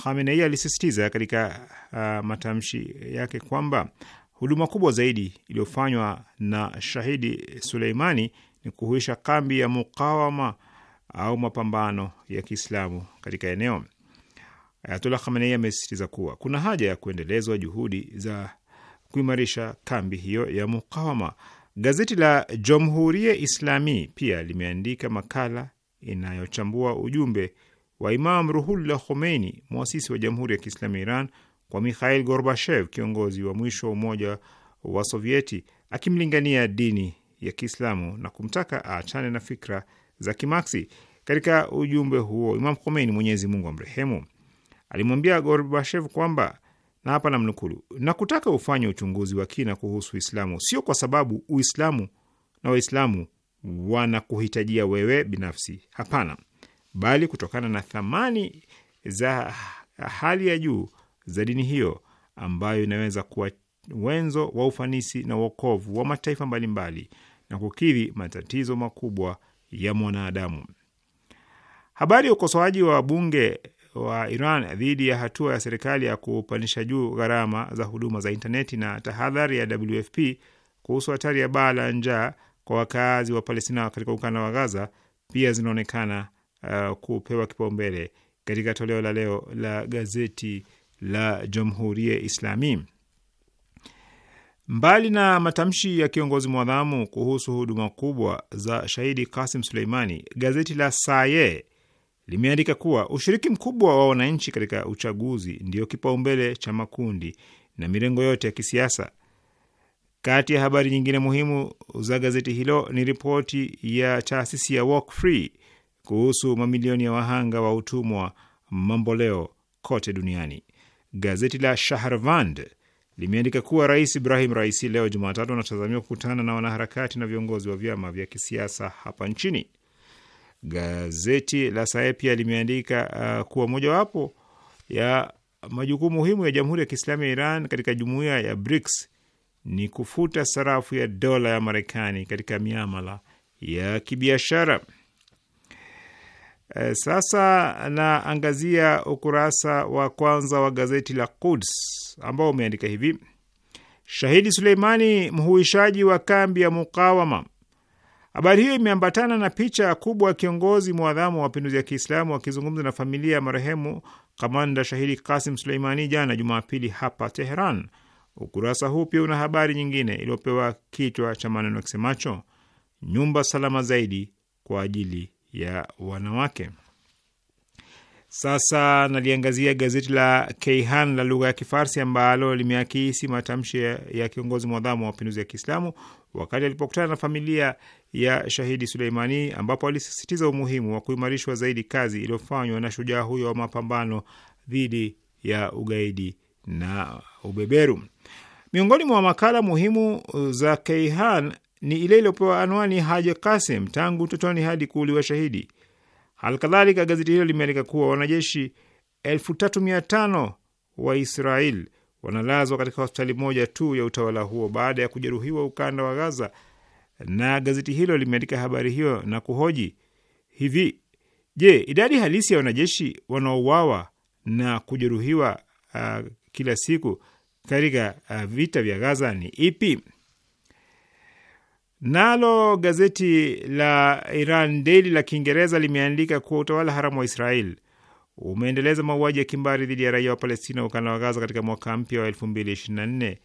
Khamenei alisisitiza katika uh, matamshi yake kwamba Huduma kubwa zaidi iliyofanywa na shahidi Suleimani ni kuhuisha kambi ya mukawama au mapambano ya Kiislamu katika eneo. Ayatullah Khamenei amesisitiza kuwa kuna haja ya kuendelezwa juhudi za kuimarisha kambi hiyo ya mukawama. Gazeti la Jomhuria Islami pia limeandika makala inayochambua ujumbe wa Imam Ruhullah Khomeini, mwasisi wa Jamhuri ya Kiislamu ya Iran kwa Mikhail Gorbachev, kiongozi wa mwisho wa Umoja wa Sovieti, akimlingania dini ya Kiislamu na kumtaka aachane na fikra za Kimaksi. Katika ujumbe huo, Imam Khomeini, Mwenyezi Mungu amrehemu, alimwambia Gorbachev kwamba na hapa namnukulu, na kutaka ufanye uchunguzi wa kina kuhusu Uislamu, sio kwa sababu Uislamu na Waislamu wanakuhitajia wewe binafsi, hapana, bali kutokana na thamani za hali ya juu za dini hiyo ambayo inaweza kuwa wenzo wa ufanisi na uokovu wa mataifa mbalimbali na kukidhi matatizo makubwa ya mwanadamu. Habari ya ukosoaji wa bunge wa Iran dhidi ya hatua ya serikali ya kupandisha juu gharama za huduma za intaneti na tahadhari ya WFP kuhusu hatari ya baa la njaa kwa wakaazi wa Palestina katika ukanda wa Gaza pia zinaonekana uh, kupewa kipaumbele katika toleo la leo la gazeti la Jamhuria Islami. Mbali na matamshi ya kiongozi mwadhamu kuhusu huduma kubwa za shahidi Kasim Suleimani, gazeti la Saye limeandika kuwa ushiriki mkubwa wa wananchi katika uchaguzi ndio kipaumbele cha makundi na mirengo yote ya kisiasa. Kati ya habari nyingine muhimu za gazeti hilo ni ripoti ya taasisi ya Walk Free kuhusu mamilioni ya wahanga wa utumwa mamboleo kote duniani. Gazeti la Shahrvand limeandika kuwa Rais Ibrahim Raisi leo Jumatatu anatazamiwa kukutana na wanaharakati na viongozi wa vyama vya kisiasa hapa nchini. Gazeti la Sae pia limeandika uh, kuwa mojawapo ya majukumu muhimu ya Jamhuri ya Kiislamu ya Iran katika jumuiya ya BRICS ni kufuta sarafu ya dola ya Marekani katika miamala ya kibiashara. E, sasa naangazia ukurasa wa kwanza wa gazeti la Quds ambao umeandika hivi: Shahidi Suleimani mhuishaji wa kambi ya mukawama. Habari hiyo imeambatana na picha kubwa ya kiongozi mwadhamu wa mapinduzi ya Kiislamu akizungumza na familia ya marehemu kamanda shahidi Kasim Suleimani jana Jumapili hapa Teheran. Ukurasa huu pia una habari nyingine iliyopewa kichwa cha maneno kisemacho nyumba salama zaidi kwa ajili ya wanawake. Sasa naliangazia gazeti la Keihan la lugha ya Kifarsi ambalo limeakisi matamshi ya kiongozi mwadhamu wa mapinduzi ya Kiislamu wakati alipokutana na familia ya shahidi Suleimani, ambapo alisisitiza umuhimu wa kuimarishwa zaidi kazi iliyofanywa na shujaa huyo wa mapambano dhidi ya ugaidi na ubeberu. Miongoni mwa makala muhimu za Keihan ni ile iliyopewa anwani Haji Kasim, tangu utotoni hadi kuuliwa shahidi. Halikadhalika, gazeti hilo limeandika kuwa wanajeshi elfu tatu mia tano wa Israel wanalazwa katika hospitali moja tu ya utawala huo baada ya kujeruhiwa ukanda wa Gaza. Na gazeti hilo limeandika habari hiyo na kuhoji hivi: Je, idadi halisi ya wanajeshi wanaouawa na kujeruhiwa uh, kila siku katika uh, vita vya Gaza ni ipi? Nalo gazeti la Iran Daily la Kiingereza limeandika kuwa utawala haramu wa Israel umeendeleza mauaji ya kimbari dhidi ya raia wa Palestina ukanda wa Gaza katika mwaka mpya wa 2024.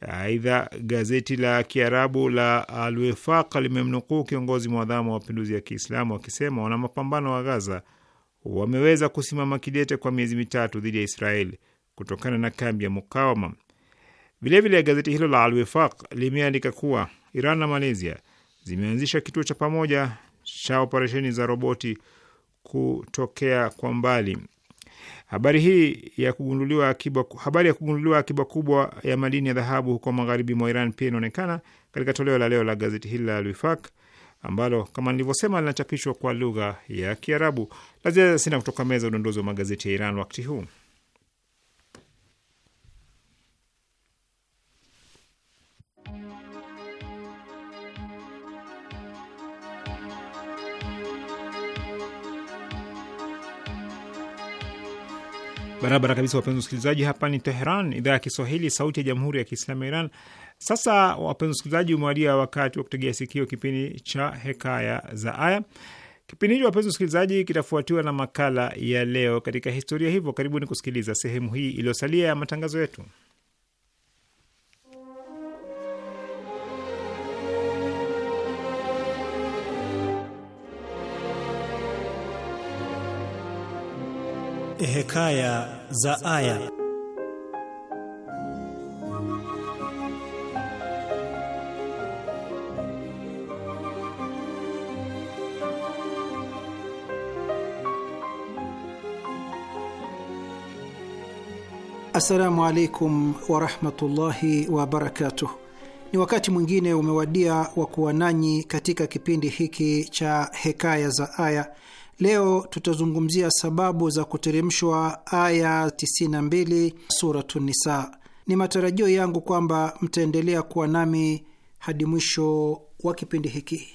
Aidha, gazeti la Kiarabu la al limemnukuu kiongozi mwadhamu wa mapinduzi ya Kiislamu akisema wana mapambano wa Gaza wameweza kusimama kidete kwa miezi mitatu dhidi ya Israel kutokana na kambi ya mukawama. Vilevile, gazeti hilo la al limeandika kuwa Iran na Malaysia zimeanzisha kituo cha pamoja cha operesheni za roboti kutokea kwa mbali. Habari hii ya kugunduliwa akiba, habari ya kugunduliwa akiba kubwa ya madini ya dhahabu huko magharibi mwa Iran pia inaonekana katika toleo la leo la gazeti hili la Al-Wifaq ambalo kama nilivyosema linachapishwa kwa lugha ya Kiarabu. La ziada sina kutoka meza udondozi wa magazeti ya Iran wakati huu. Barabara kabisa, wapenzi wasikilizaji, hapa ni Teheran, idhaa ya Kiswahili, sauti ya jamhuri ya kiislamu ya Iran. Sasa wapenzi wasikilizaji, umewadia wakati wa kutegea sikio kipindi cha Hekaya za Aya. Kipindi hicho wapenzi wasikilizaji, kitafuatiwa na makala ya Leo katika Historia. Hivyo karibuni kusikiliza sehemu hii iliyosalia ya matangazo yetu. E, Hekaya za Aya. Assalamu alaikum warahmatullahi wabarakatuh. Ni wakati mwingine umewadia wa kuwa nanyi katika kipindi hiki cha Hekaya za Aya Leo tutazungumzia sababu za kuteremshwa aya 92 Suratu Nisa. Ni matarajio yangu kwamba mtaendelea kuwa nami hadi mwisho wa kipindi hiki.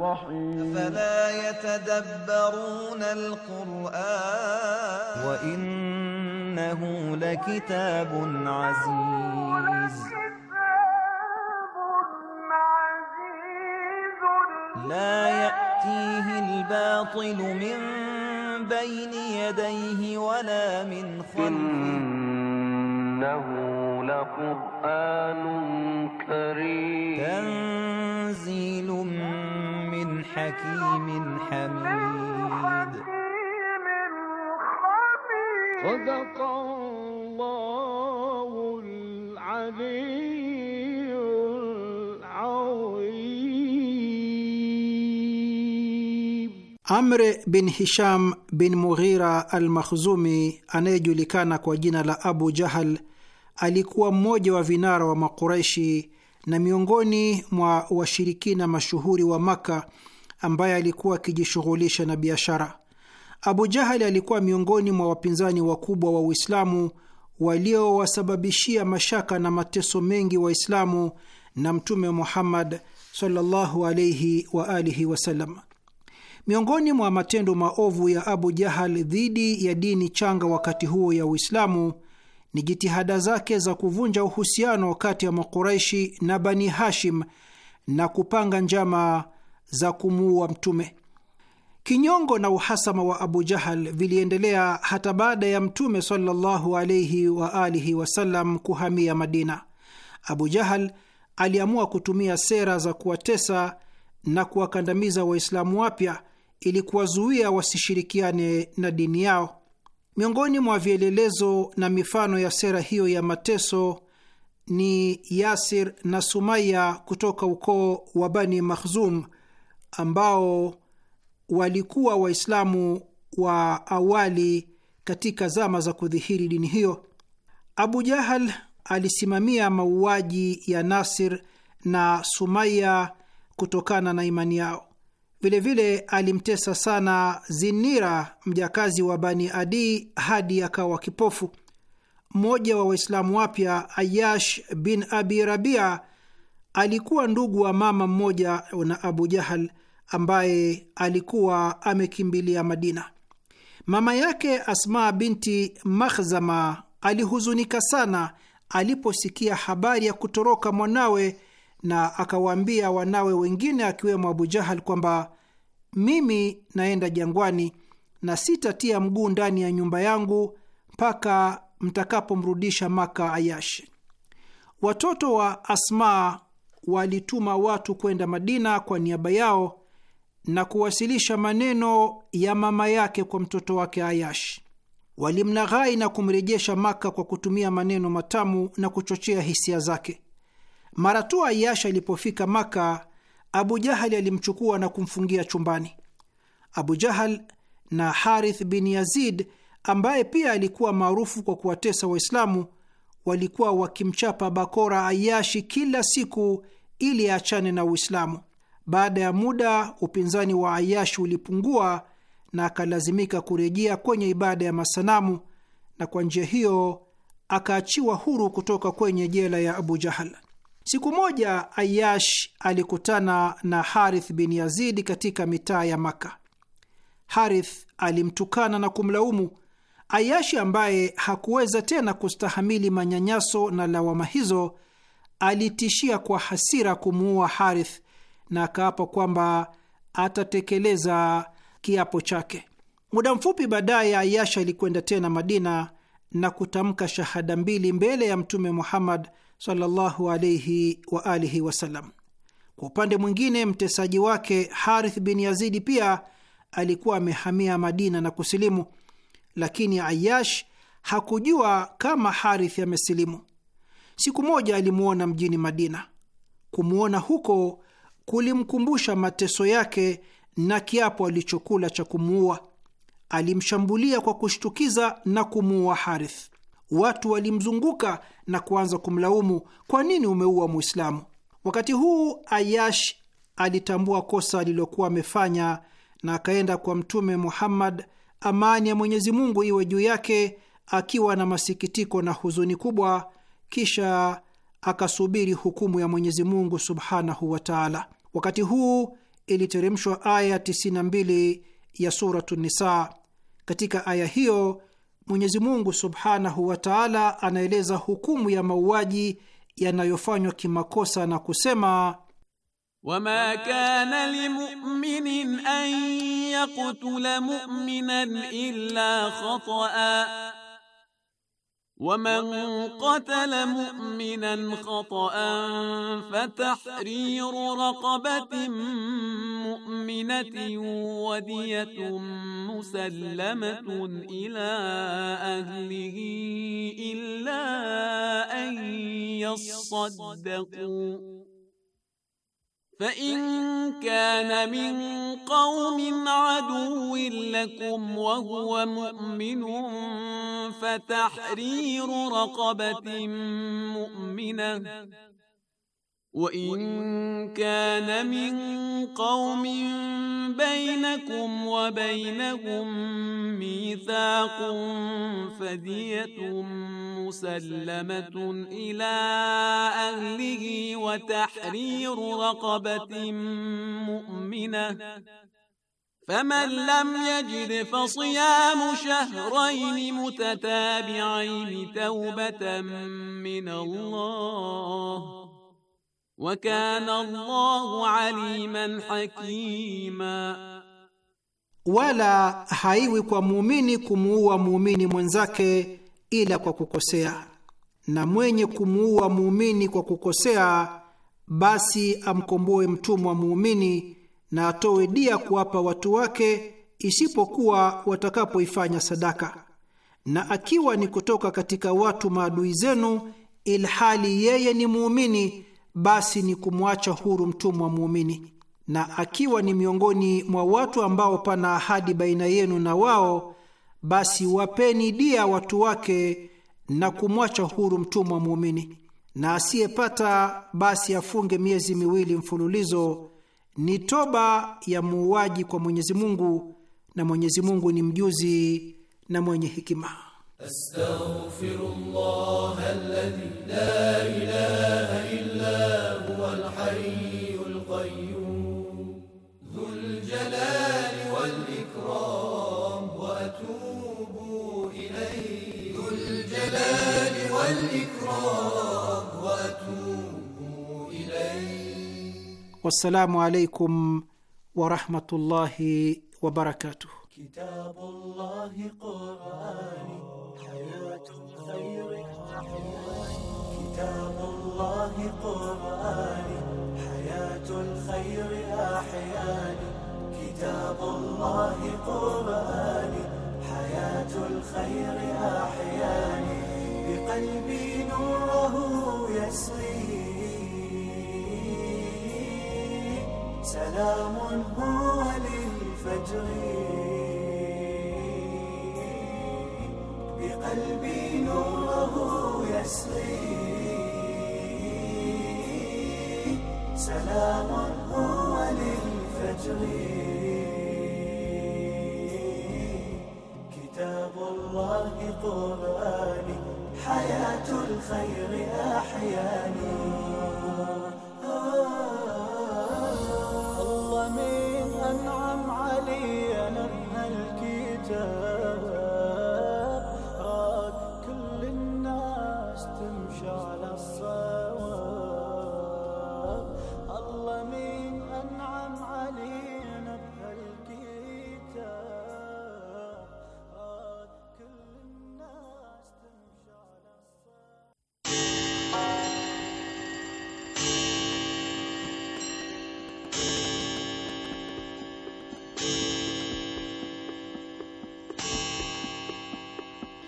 Rahim. yatadabbaruna wa innahu lakitabun aziz لا يأتيه الباطل من بين يديه ولا من خلفه إنه لقرآن كريم تنزيل من حكيم حميد صدق الله العظيم Amre bin Hisham bin Mughira al-Makhzumi anayejulikana kwa jina la Abu Jahal alikuwa mmoja wa vinara wa Makuraishi na miongoni mwa washirikina mashuhuri wa makka ambaye alikuwa akijishughulisha na biashara. Abu Jahali alikuwa miongoni mwa wapinzani wakubwa wa Uislamu waliowasababishia mashaka na mateso mengi Waislamu na Mtume Muhammad sallallahu alaihi wa alihi wasallam. Miongoni mwa matendo maovu ya Abu Jahal dhidi ya dini changa wakati huo ya Uislamu ni jitihada zake za kuvunja uhusiano kati ya Makuraishi na Bani Hashim na kupanga njama za kumuua Mtume. Kinyongo na uhasama wa Abu Jahal viliendelea hata baada ya Mtume sallallahu alaihi wa alihi wasallam kuhamia Madina. Abu Jahal aliamua kutumia sera za kuwatesa na kuwakandamiza Waislamu wapya ili kuwazuia wasishirikiane na dini yao. Miongoni mwa vielelezo na mifano ya sera hiyo ya mateso ni Yasir na Sumaya kutoka ukoo wa Bani Makhzum ambao walikuwa Waislamu wa awali katika zama za kudhihiri dini hiyo. Abu Jahal alisimamia mauaji ya Nasir na Sumaya kutokana na imani yao. Vilevile alimtesa sana Zinira, mjakazi wa Bani Adi, hadi akawa kipofu. Mmoja wa Waislamu wapya Ayash bin Abi Rabia alikuwa ndugu wa mama mmoja na Abu Jahal ambaye alikuwa amekimbilia Madina. Mama yake Asma binti Makhzama alihuzunika sana aliposikia habari ya kutoroka mwanawe na akawaambia wanawe wengine akiwemo Abu Jahal kwamba mimi naenda jangwani na sitatia mguu ndani ya nyumba yangu mpaka mtakapomrudisha Maka Ayashi. Watoto wa Asma walituma watu kwenda Madina kwa niaba yao na kuwasilisha maneno ya mama yake kwa mtoto wake Ayashi. Walimnaghai na kumrejesha Maka kwa kutumia maneno matamu na kuchochea hisia zake. Mara tu Aiyasha ilipofika Maka, Abu Jahali alimchukua na kumfungia chumbani. Abu Jahal na Harith bin Yazid ambaye pia alikuwa maarufu kwa kuwatesa Waislamu walikuwa wakimchapa bakora Ayashi kila siku ili aachane na Uislamu. Baada ya muda, upinzani wa Ayashi ulipungua na akalazimika kurejea kwenye ibada ya masanamu, na kwa njia hiyo akaachiwa huru kutoka kwenye jela ya Abu Jahal. Siku moja Ayash alikutana na Harith bin Yazidi katika mitaa ya Maka. Harith alimtukana na kumlaumu Ayashi, ambaye hakuweza tena kustahamili manyanyaso na lawama hizo, alitishia kwa hasira kumuua Harith na akaapa kwamba atatekeleza kiapo chake. Muda mfupi baadaye, Ayashi alikwenda tena Madina na kutamka shahada mbili mbele ya Mtume Muhammad sallallahu wa alihi wasallam. Kwa upande mwingine, mtesaji wake Harith bin Yazidi pia alikuwa amehamia Madina na kusilimu, lakini Ayash hakujua kama Harith amesilimu. Siku moja alimuona mjini Madina. Kumuona huko kulimkumbusha mateso yake na kiapo alichokula cha kumuua. Alimshambulia kwa kushtukiza na kumuua Harith watu walimzunguka na kuanza kumlaumu, kwa nini umeua Muislamu? Wakati huu Ayash alitambua kosa alilokuwa amefanya na akaenda kwa Mtume Muhammad, amani ya Mwenyezi Mungu iwe juu yake, akiwa na masikitiko na huzuni kubwa, kisha akasubiri hukumu ya Mwenyezi Mungu subhanahu wa taala. Wakati huu iliteremshwa aya 92 ya Suratu Nisa. Katika aya hiyo Mwenyezi Mungu subhanahu wa taala anaeleza hukumu ya mauaji yanayofanywa kimakosa na kusema Wama kana limuminin an yaqtula muminan illa khataa ومن قتل مؤمنا خطأ فتحرير رقبة مؤمنة ودية مسلمة إلى أهله إلا أن يصدقوا فإن كان من قوم عدو لكم وهو مؤمن فتحرير رقبة مؤمنة وإن كان من قوم بينكم وبينهم ميثاق فدية مسلمة إلى أهل وتحرير رقبة مؤمنة فمن لم يجد فصيام شهرين متتابعين توبة من الله وكان الله عليما حكيما ولا حيوي kwa كمو kumuua muumini إلى ila kwa kukosea na mwenye basi amkomboe mtumwa muumini na atowe dia kuwapa watu wake, isipokuwa watakapoifanya sadaka, na akiwa ni kutoka katika watu maadui zenu, ilhali yeye ni muumini, basi ni kumwacha huru mtumwa muumini. Na akiwa ni miongoni mwa watu ambao pana ahadi baina yenu na wao, basi wapeni dia watu wake na kumwacha huru mtumwa muumini na asiyepata basi afunge miezi miwili mfululizo. Ni toba ya muuaji kwa Mwenyezi Mungu, na Mwenyezi Mungu ni mjuzi na mwenye hikima. Astaghfirullah alladhi la ilaha illa huwa alhayyul qayyum dhul jalali wal ikram wa atubu ilayhi dhul jalali wal ikram wassalamu alaikum warahmatullahi wabarakatuh. Kitabullahi Qurani hayatun khairin Kitabullahi Qurani hayatun khairin ahyani Kitabullahi Qurani سلام هو للفجر بقلبي نوره يسري سلام هو للفجر كتاب الله قرآني حياة الخير أحياني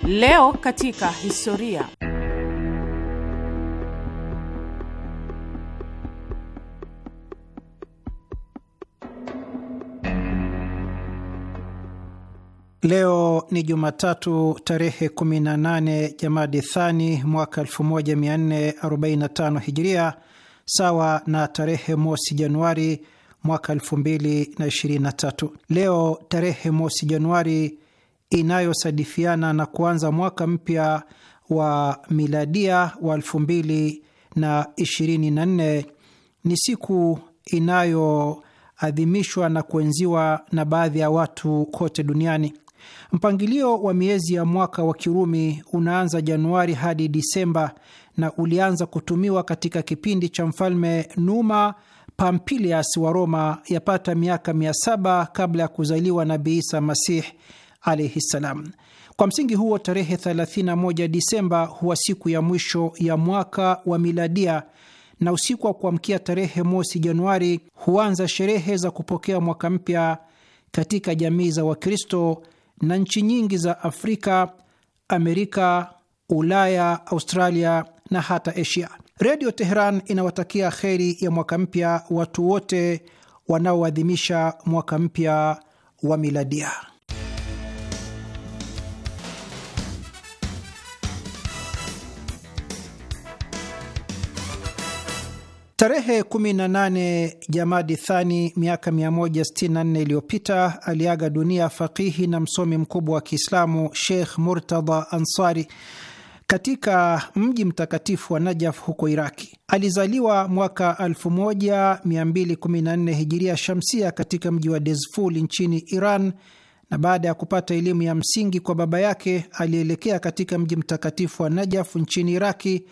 Leo katika historia. Leo ni Jumatatu tarehe 18 Jamadi Thani mwaka 1445 Hijiria, sawa na tarehe mosi Januari mwaka 2023. Leo tarehe mosi Januari inayosadifiana na kuanza mwaka mpya wa miladia wa nne ni siku inayoadhimishwa na kuenziwa na baadhi ya watu kote duniani. Mpangilio wa miezi ya mwaka wa Kirumi unaanza Januari hadi Disemba na ulianza kutumiwa katika kipindi cha mfalme Numa Pampilias wa Roma yapata miaka mia saba kabla ya kuzaliwa Nabii Isa Masihi alaihi ssalam. Kwa msingi huo, tarehe 31 Disemba huwa siku ya mwisho ya mwaka wa miladia na usiku wa kuamkia tarehe mosi Januari huanza sherehe za kupokea mwaka mpya katika jamii za Wakristo na nchi nyingi za Afrika, Amerika, Ulaya, Australia na hata Asia. Redio Teheran inawatakia kheri ya mwaka mpya watu wote wanaoadhimisha mwaka mpya wa miladia. Tarehe 18 Jamadi Thani miaka 164 iliyopita aliaga dunia faqihi na msomi mkubwa wa Kiislamu Sheikh murtada Ansari katika mji mtakatifu wa Najaf huko Iraki. Alizaliwa mwaka 1214 hijiria shamsia katika mji wa Dezful nchini Iran, na baada ya kupata elimu ya msingi kwa baba yake alielekea katika mji mtakatifu wa Najaf nchini Iraki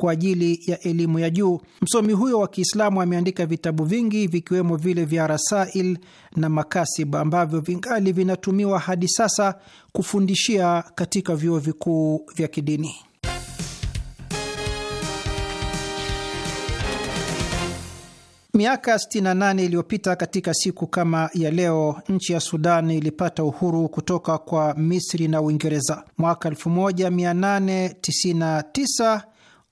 kwa ajili ya elimu ya juu. Msomi huyo wa Kiislamu ameandika vitabu vingi vikiwemo vile vya Rasail na Makasib ambavyo vingali vinatumiwa hadi sasa kufundishia katika vyuo vikuu vya kidini. Miaka 68 iliyopita katika siku kama ya leo, nchi ya Sudan ilipata uhuru kutoka kwa Misri na Uingereza. Mwaka 1899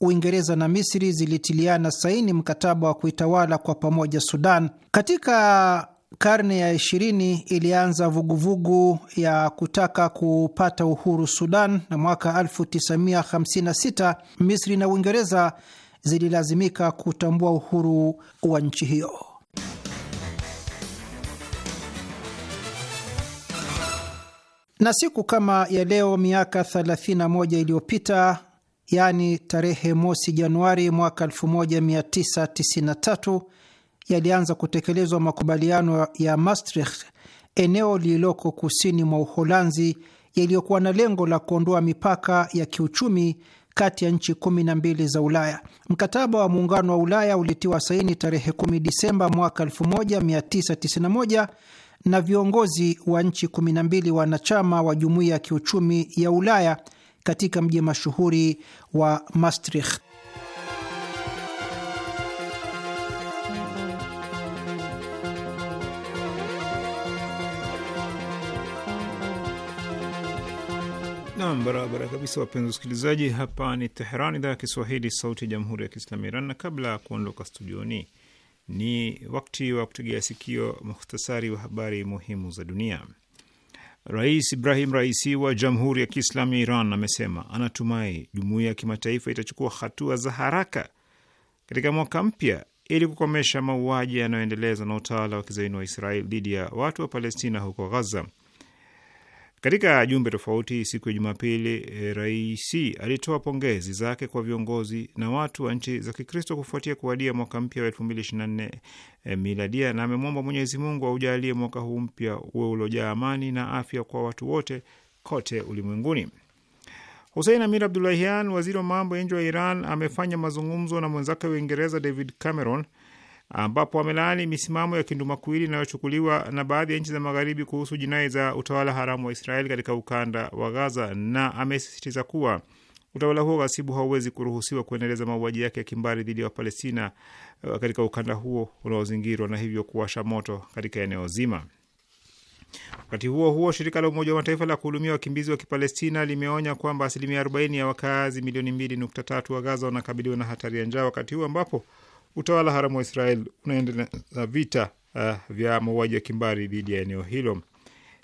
Uingereza na Misri zilitiliana saini mkataba wa kuitawala kwa pamoja Sudan. Katika karne ya ishirini ilianza vuguvugu ya kutaka kupata uhuru Sudan, na mwaka 1956 Misri na Uingereza zililazimika kutambua uhuru wa nchi hiyo. Na siku kama ya leo miaka 31 iliyopita yaani tarehe mosi Januari mwaka 1993 yalianza kutekelezwa makubaliano ya Maastricht, eneo lililoko kusini mwa Uholanzi, yaliyokuwa na lengo la kuondoa mipaka ya kiuchumi kati ya nchi kumi na mbili za Ulaya. Mkataba wa Muungano wa Ulaya ulitiwa saini tarehe 10 Disemba mwaka 1991 na viongozi wa nchi 12 wanachama wa Jumuiya ya Kiuchumi ya Ulaya katika mji mashuhuri wa Maastricht. Nam, barabara kabisa, wapenzi wasikilizaji. Hapa ni Teheran, idhaa ya Kiswahili, sauti ya jamhuri ya kiislamu Iran. Na kabla ya kuondoka studioni, ni wakti wa kutegea sikio muhtasari wa habari muhimu za dunia. Rais Ibrahim Raisi wa Jamhuri ya Kiislamu ya Iran amesema anatumai jumuiya ya kimataifa itachukua hatua za haraka katika mwaka mpya ili kukomesha mauaji yanayoendelezwa na utawala wa kizaini wa Israel dhidi ya watu wa Palestina huko Ghaza. Katika jumbe tofauti siku ya Jumapili, eh, Raisi alitoa pongezi zake kwa viongozi na watu wa nchi za Kikristo kufuatia kuadia mwaka mpya wa 2024 eh, miladia, na amemwomba Mwenyezi Mungu aujalie mwaka huu mpya uwe uliojaa amani na afya kwa watu wote kote ulimwenguni. Husein Amir Abdulahian, waziri wa mambo ya nje wa Iran, amefanya mazungumzo na mwenzake wa Uingereza David Cameron ambapo wamelaani misimamo ya kindumakuwili inayochukuliwa na baadhi ya nchi za magharibi kuhusu jinai za utawala haramu wa Israeli katika ukanda wa Gaza, na amesisitiza kuwa utawala huo ghasibu hauwezi kuruhusiwa kuendeleza mauaji yake ya kimbari dhidi ya Wapalestina uh, katika ukanda huo unaozingirwa na hivyo kuwasha moto katika eneo zima. Wakati huo huo, shirika la Umoja wa Mataifa la kuhudumia wakimbizi wa Kipalestina limeonya kwamba asilimia 40 ya wakazi milioni 2.3 wa Gaza wanakabiliwa na hatari ya njaa wakati huo ambapo utawala haramu wa Israel unaendeleza vita uh, vya mauaji ya kimbari dhidi ya eneo hilo.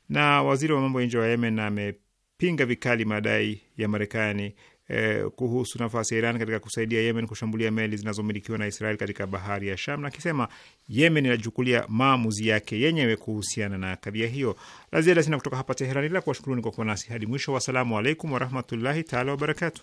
Na waziri wa mambo ya nje wa Yemen amepinga vikali madai ya Marekani eh, kuhusu nafasi ya Iran katika kusaidia Yemen kushambulia meli zinazomilikiwa na Israel katika bahari ya Sham, na akisema Yemen inachukulia maamuzi yake yenyewe kuhusiana na kadhia hiyo. La ziada sina kutoka hapa Teherani, ila kuwashukuruni kwa kuwa nasi hadi mwisho. Wassalamu alaikum warahmatullahi taala wabarakatu.